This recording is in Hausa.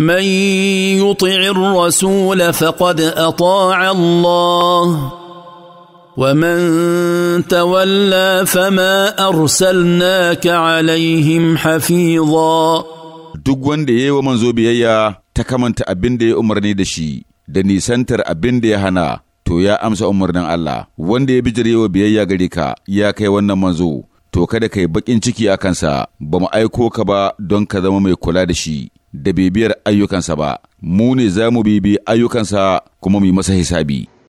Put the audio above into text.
من يطع الرسول فقد اطاع الله ومن تولى فما ارسلناك عليهم حفيظا duk wanda ya yi wa manzo biyayya ta kamanta abin da ya umarni da shi da nisantar abin da ya hana to ya amsa umarnin Allah wanda ya bijire wa biyayya gare ka ya kai wannan manzo to kada ka yi bakin ciki a kansa ba mu aiko ka ba don ka zama mai kula da shi da bibiyar ayyukansa ba, mu ne za mu bibi ayyukansa kuma mu yi masa hisabi.